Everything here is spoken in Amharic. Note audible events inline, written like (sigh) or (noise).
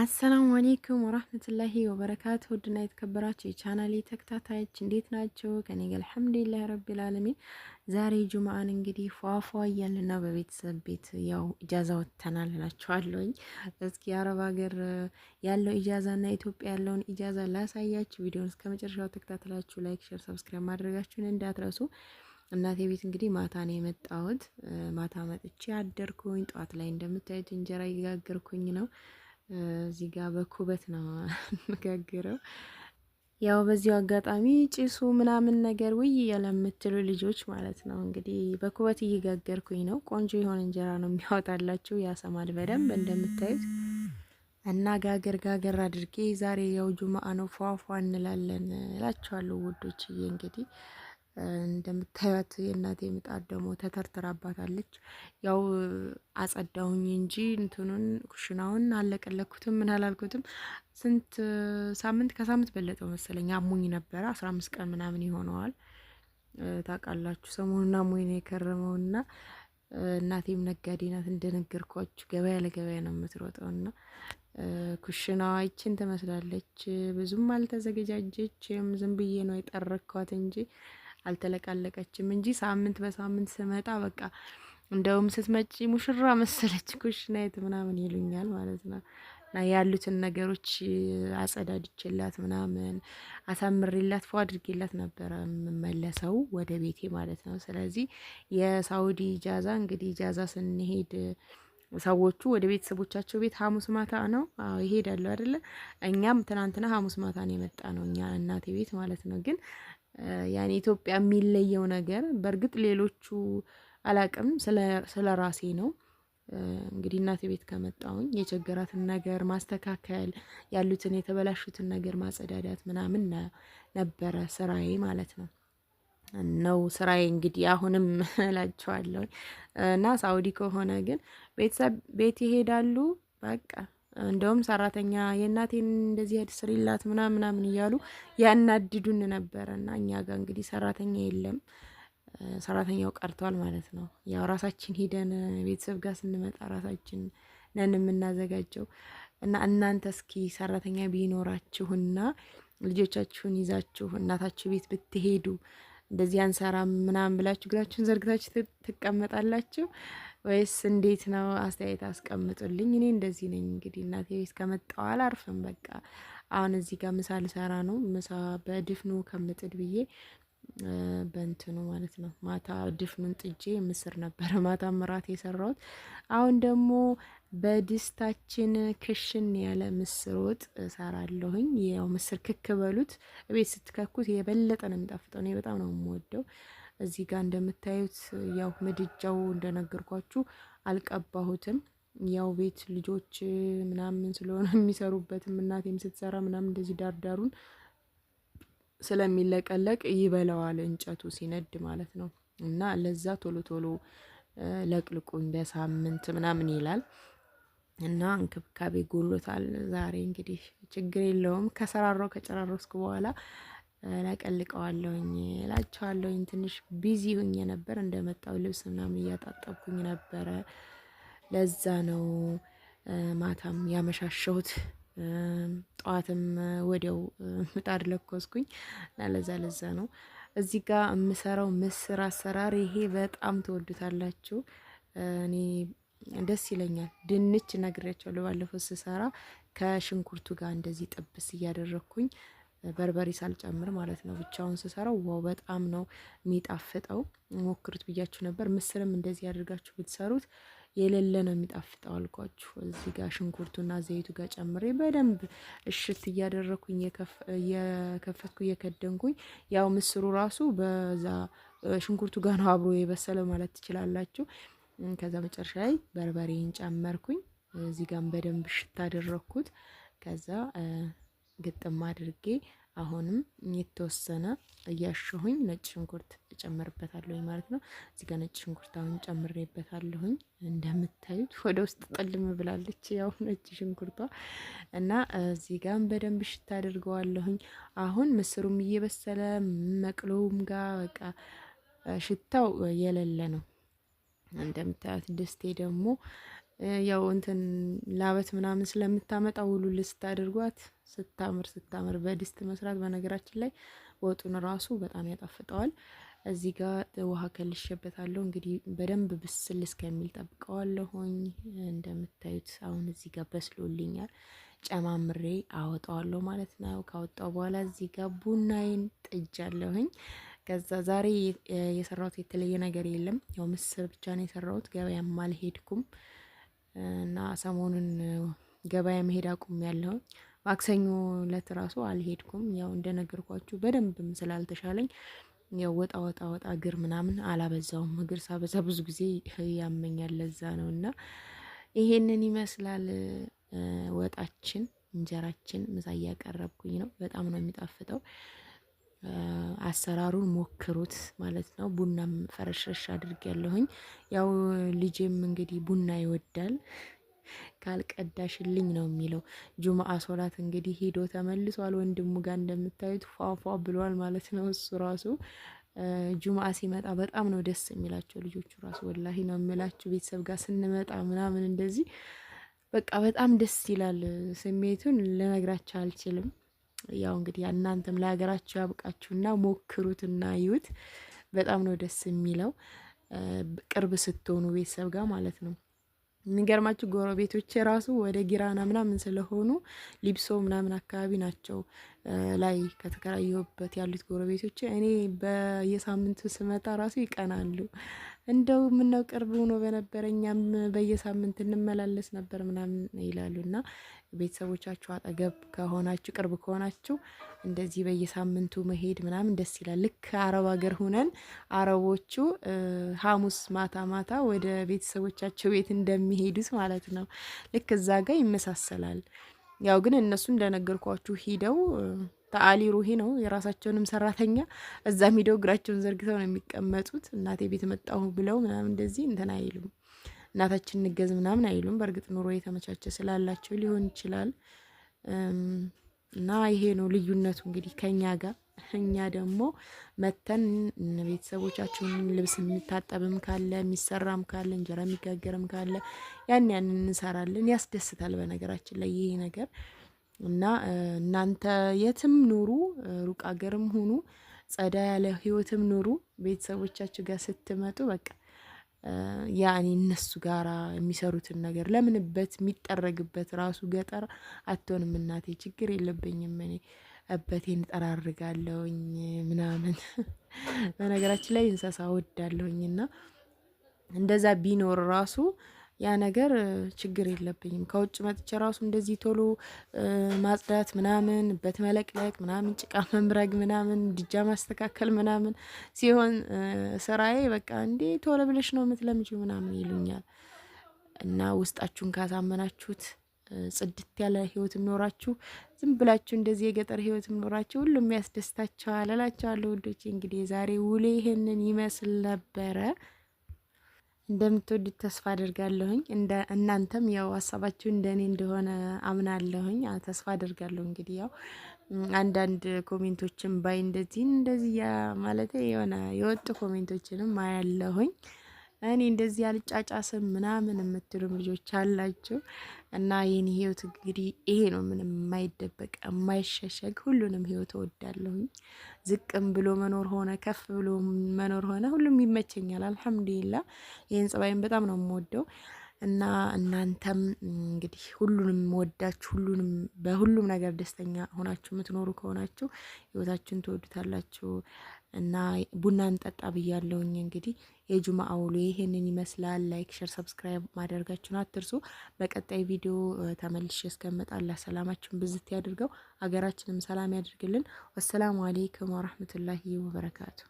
አሰላሙ አሌይኩም ወራህመቱላሂ ወበረካቱ ውድና የተከበራችሁ የቻናሌ ተከታታዮች እንዴት ናቸው? ከኔ ጋር አልሐምዱሊላህ ረቢል ዓለሚን። ዛሬ ጁምአን እንግዲህ ፏፏ እያልና በቤተሰብ ቤት ያው ኢጃዛ ወጥተናል እላችኋለሁኝ። እስኪ አረብ ሀገር ያለው ኢጃዛና ኢትዮጵያ ያለውን ኢጃዛ ላሳያችሁ። ቪዲዮውን እስከ መጨረሻው ተከታተላችሁ ላይክ፣ ሼር፣ ሰብስክራይብ ማድረጋችሁን እንዳትረሱ። እናቴ ቤት እንግዲህ ማታ ነው የመጣሁት። ማታ መጥቼ አደርኩኝ። ጠዋት ላይ እንደምታዩት እንጀራ እየጋገርኩኝ ነው እዚህ ጋር በኩበት ነው የምጋግረው። ያው በዚሁ አጋጣሚ ጭሱ ምናምን ነገር ውይ ያለምትሉ ልጆች ማለት ነው እንግዲህ በኩበት እየጋገርኩኝ ነው። ቆንጆ የሆነ እንጀራ ነው የሚያወጣላችሁ። ያሰማል በደንብ እንደምታዩት እና ጋገር ጋገር አድርጌ ዛሬ ያው ጁማአ ነው ፏፏ እንላለን እላችኋለሁ ውዶችዬ እንግዲህ እንደምታዩት የእናቴ ምጣድ ደግሞ ተተርትራባታለች። ያው አጸዳሁኝ እንጂ እንትኑን ኩሽናውን አለቀለኩትም ምን አላልኩትም። ስንት ሳምንት ከሳምንት በለጠው መሰለኝ አሞኝ ነበረ። አስራ አምስት ቀን ምናምን ይሆነዋል። ታውቃላችሁ ሰሞኑን አሞኝ ነው የከረመውና እናቴም ነጋዴ ናት እንደነገርኳችሁ፣ ገበያ ለገበያ ነው የምትሮጠው እና ኩሽናዋ ይችን ትመስላለች። ብዙም አልተዘገጃጀችም። ዝም ብዬ ነው የጠረኳት እንጂ አልተለቃለቀችም እንጂ ሳምንት በሳምንት ስመጣ በቃ እንደውም ስትመጪ ሙሽራ መሰለች ኩሽና ምናምን ይሉኛል ማለት ነው። እና ያሉትን ነገሮች አጸዳድችላት ምናምን አሳምሬላት ፎ አድርጌላት ነበረ የምመለሰው ወደ ቤቴ ማለት ነው። ስለዚህ የሳውዲ ኢጃዛ እንግዲህ ኢጃዛ ስንሄድ ሰዎቹ ወደ ቤተሰቦቻቸው ቤት ሐሙስ ማታ ነው ይሄዳሉ አይደለ? እኛም ትናንትና ሐሙስ ማታ ነው የመጣ ነው እኛ እናቴ ቤት ማለት ነው። ግን ያኔ ኢትዮጵያ የሚለየው ነገር በእርግጥ ሌሎቹ አላቅም፣ ስለ ራሴ ነው። እንግዲህ እናቴ ቤት ከመጣውኝ የቸገራትን ነገር ማስተካከል፣ ያሉትን የተበላሹትን ነገር ማጸዳዳት ምናምን ነበረ ስራዬ ማለት ነው ነው ስራዬ። እንግዲህ አሁንም (laughs) እላቸዋለሁ እና ሳውዲ ከሆነ ግን ቤተሰብ ቤት ይሄዳሉ በቃ እንደውም ሰራተኛ የእናቴን እንደዚህ ሄድ ስሪላት ምናምን ምናምን እያሉ ያናድዱን ነበረ። እና እኛ ጋር እንግዲህ ሰራተኛ የለም፣ ሰራተኛው ቀርቷል ማለት ነው። ያው ራሳችን ሂደን ቤተሰብ ጋር ስንመጣ ራሳችን ነን የምናዘጋጀው። እና እናንተ እስኪ ሰራተኛ ቢኖራችሁና ልጆቻችሁን ይዛችሁ እናታችሁ ቤት ብትሄዱ እንደዚህ አንሰራም ምናምን ብላችሁ እግራችሁን ዘርግታችሁ ትቀመጣላችሁ። ወይስ እንዴት ነው? አስተያየት አስቀምጡልኝ። እኔ እንደዚህ ነኝ እንግዲህ እናቴ ቤት ከመጣሁ አላርፍም። በቃ አሁን እዚህ ጋር ምሳ ልሰራ ነው። ምሳ በድፍኑ ከምጥድ ብዬ በእንትኑ ማለት ነው። ማታ ድፍኑን ጥጄ ምስር ነበረ (laughs) ማታ ምራት የሰራሁት። አሁን ደግሞ በድስታችን ክሽን ያለ ምስር ወጥ እሰራለሁኝ። ያው ምስር ክክ በሉት። ቤት ስትከኩት የበለጠ ነው የሚጣፍጠው። እኔ በጣም ነው የምወደው። እዚህ ጋር እንደምታዩት ያው ምድጃው እንደነገርኳችሁ አልቀባሁትም። ያው ቤት ልጆች ምናምን ስለሆነ (laughs) የሚሰሩበትም እናቴም ስትሰራ ምናምን እንደዚህ ዳርዳሩን ስለሚለቀለቅ ይበላዋል እንጨቱ ሲነድ ማለት ነው። እና ለዛ ቶሎ ቶሎ ለቅልቁኝ በሳምንት ምናምን ይላል እና እንክብካቤ ጎሎታል። ዛሬ እንግዲህ ችግር የለውም ከሰራራው ከጨራረስኩ በኋላ ለቀልቀዋለሁኝ እላቸዋለሁኝ። ትንሽ ቢዚ ሁኜ ነበር እንደመጣው ልብስ ምናምን እያጣጠብኩኝ ነበረ። ለዛ ነው ማታም ያመሻሸሁት። ጠዋትም ወዲያው ምጣድ ለኮስኩኝ እና ለዛ ለዛ ነው። እዚህ ጋ የምሰራው ምስር አሰራር ይሄ በጣም ትወዱታላችሁ። እኔ ደስ ይለኛል። ድንች ነግሬያቸዋለሁ ባለፈው ስሰራ ከሽንኩርቱ ጋር እንደዚህ ጥብስ እያደረግኩኝ በርበሬ ሳልጨምር ማለት ነው። ብቻውን ስሰራው ዋው በጣም ነው የሚጣፍጠው። ሞክሩት ብያችሁ ነበር። ምስርም እንደዚህ ያደርጋችሁ ብትሰሩት የሌለ ነው የሚጣፍጠው አልኳችሁ። እዚህ ጋር ሽንኩርቱና ዘይቱ ጋር ጨምሬ በደንብ እሽት እያደረኩኝ እየከፈትኩ እየከደንኩኝ፣ ያው ምስሩ ራሱ በዛ ሽንኩርቱ ጋር ነው አብሮ የበሰለው ማለት ትችላላችሁ። ከዛ መጨረሻ ላይ በርበሬን ጨመርኩኝ። እዚህ ጋር በደንብ እሽት አደረግኩት። ከዛ ግጥም አድርጌ አሁንም የተወሰነ እያሸሁኝ ነጭ ሽንኩርት እጨምርበታለሁ ማለት ነው። እዚህ ጋር ነጭ ሽንኩርት አሁን ጨምሬበታለሁኝ እንደምታዩት ወደ ውስጥ ጥልም ብላለች፣ ያው ነጭ ሽንኩርቷ እና እዚህ ጋም በደንብ ሽታ አድርገዋለሁኝ። አሁን ምስሩም እየበሰለ መቅሎም ጋር በቃ ሽታው የሌለ ነው እንደምታዩት። ድስቴ ደግሞ ያው እንትን ላበት ምናምን ስለምታመጣ ውሉል ስታደርጓት ስታምር ስታምር በድስት መስራት በነገራችን ላይ ወጡን ራሱ በጣም ያጣፍጠዋል። እዚህ ጋር ውሃ ከልሽበታለሁ። እንግዲህ በደንብ ብስል እስከሚል ጠብቀዋለሁኝ። እንደምታዩት አሁን እዚህ ጋር በስሎልኛል። ጨማምሬ አወጣዋለሁ ማለት ነው። ካወጣው በኋላ እዚህ ጋር ቡናዬን ጥጃለሁኝ። ከዛ ዛሬ የሰራሁት የተለየ ነገር የለም። ያው ምስር ብቻ ነው የሰራሁት። ገበያም አልሄድኩም። እና ሰሞኑን ገበያ መሄድ አቁም ያለውን ማክሰኞ ለት ራሱ አልሄድኩም ያው እንደነገርኳችሁ በደንብም ስላልተሻለኝ ያው ወጣ ወጣ ወጣ እግር ምናምን አላበዛውም። እግር ሳበዛ ብዙ ጊዜ ያመኛል ለዛ ነው። እና ይሄንን ይመስላል ወጣችን፣ እንጀራችን ምሳ እያቀረብኩኝ ነው። በጣም ነው የሚጣፍጠው። አሰራሩን ሞክሩት ማለት ነው። ቡናም አድርግ ያለሁኝ ያው ልጄም እንግዲህ ቡና ይወዳል ካልቀዳሽልኝ ነው የሚለው። ጁምአ ሶላት እንግዲህ ሂዶ ተመልሷል። ወንድሙ ጋር እንደምታዩት ፏፏ ብሏል ማለት ነው። እሱ ራሱ ጁምአ ሲመጣ በጣም ነው ደስ የሚላቸው ልጆቹ ራሱ ወላሂ ነው የምላችሁ። ቤተሰብ ጋር ስንመጣ ምናምን እንደዚህ በቃ በጣም ደስ ይላል። ስሜቱን ለነግራቸው አልችልም። ያው እንግዲህ እናንተም ለሀገራችሁ ያብቃችሁና ሞክሩትና ይዩት። በጣም ነው ደስ የሚለው ቅርብ ስትሆኑ ቤተሰብ ጋር ማለት ነው። የሚገርማችሁ ጎረቤቶች ራሱ ወደ ጊራና ምናምን ስለሆኑ ሊብሶ ምናምን አካባቢ ናቸው ላይ ከተከራየሁበት ያሉት ጎረቤቶች እኔ በየሳምንቱ ስመጣ ራሱ ይቀናሉ። እንደው ምነው ቅርብ ሆኖ በነበረ እኛም በየሳምንት እንመላለስ ነበር ምናምን ይላሉ። እና ቤተሰቦቻችሁ አጠገብ ከሆናችሁ ቅርብ ከሆናችሁ እንደዚህ በየሳምንቱ መሄድ ምናምን ደስ ይላል። ልክ አረብ ሀገር ሁነን አረቦቹ ሐሙስ ማታ ማታ ወደ ቤተሰቦቻቸው ቤት እንደሚሄዱት ማለት ነው። ልክ እዛ ጋር ይመሳሰላል። ያው ግን እነሱ እንደነገርኳችሁ ሂደው ተአሊ ሩሂ ነው። የራሳቸውንም ሰራተኛ እዛም ሂደው እግራቸውን ዘርግተው ነው የሚቀመጡት። እናቴ ቤት መጣሁ ብለው ምናምን እንደዚህ እንትን አይሉም። እናታችን እንገዝ ምናምን አይሉም። በእርግጥ ኑሮ የተመቻቸ ስላላቸው ሊሆን ይችላል። እና ይሄ ነው ልዩነቱ እንግዲህ ከኛ ጋር። እኛ ደግሞ መተን ቤተሰቦቻችንን ልብስ የሚታጠብም ካለ የሚሰራም ካለ እንጀራ የሚጋገርም ካለ ያን ያንን እንሰራለን። ያስደስታል። በነገራችን ላይ ይሄ ነገር እና እናንተ የትም ኑሩ፣ ሩቅ አገርም ሁኑ፣ ጸዳ ያለ ህይወትም ኑሩ፣ ቤተሰቦቻችሁ ጋር ስትመጡ በቃ ያኔ እነሱ ጋራ የሚሰሩትን ነገር ለምንበት የሚጠረግበት ራሱ ገጠር አትሆንም። እናቴ ችግር የለብኝም እኔ እበቴን ጠራርጋለሁኝ ምናምን። (laughs) በነገራችን ላይ እንስሳ ወዳለሁኝና እንደዛ ቢኖር ራሱ ያ ነገር ችግር የለብኝም። ከውጭ መጥቼ ራሱ እንደዚህ ቶሎ ማጽዳት ምናምን፣ በት መለቅለቅ ምናምን፣ ጭቃ መምረግ ምናምን፣ ድጃ ማስተካከል ምናምን ሲሆን ስራዬ በቃ እንዴ ቶሎ ብለሽ ነው የምትለምጂው ምናምን ይሉኛል። እና ውስጣችሁን ካሳመናችሁት ጽድት ያለ ህይወት ኖራችሁ ዝም ብላችሁ እንደዚህ የገጠር ህይወት ኖራችሁ ሁሉም ያስደስታችኋል እላችኋለሁ። ውዶቼ እንግዲህ የዛሬ ውሌ ይህንን ይመስል ነበረ። እንደምትወዱት ተስፋ አድርጋለሁኝ። እናንተም ያው ሀሳባችሁ እንደኔ እንደሆነ አምናለሁኝ ተስፋ አድርጋለሁ። እንግዲህ ያው አንዳንድ ኮሜንቶችን ባይ እንደዚህ እንደዚህ ማለት የሆነ የወጡ ኮሜንቶችንም አያለሁኝ። እኔ እንደዚህ አልጫጫስም ምናምን የምትሉም ልጆች አላችሁ። እና ይህን ህይወት እንግዲህ ይሄ ነው። ምንም የማይደበቅ የማይሸሸግ ሁሉንም ህይወት እወዳለሁኝ። ዝቅም ብሎ መኖር ሆነ ከፍ ብሎ መኖር ሆነ ሁሉም ይመቸኛል። አልሐምዱሊላ ይህን ጸባይም በጣም ነው የምወደው። እና እናንተም እንግዲህ ሁሉንም ወዳችሁ ሁሉንም በሁሉም ነገር ደስተኛ ሆናችሁ የምትኖሩ ከሆናችሁ ህይወታችሁን ትወዱታላችሁ። እና ቡና እንጠጣ ብያለውኝ። እንግዲህ የጁማ አውሎ ይሄንን ይመስላል። ላይክ፣ ሸር፣ ሰብስክራይብ ማድረጋችሁን አትርሱ። በቀጣይ ቪዲዮ ተመልሼ እስከመጣላ ሰላማችሁን ብዝት ያድርገው፣ ሀገራችንም ሰላም ያድርግልን። ወሰላሙ አሌይኩም ወረህመቱላሂ ወበረካቱ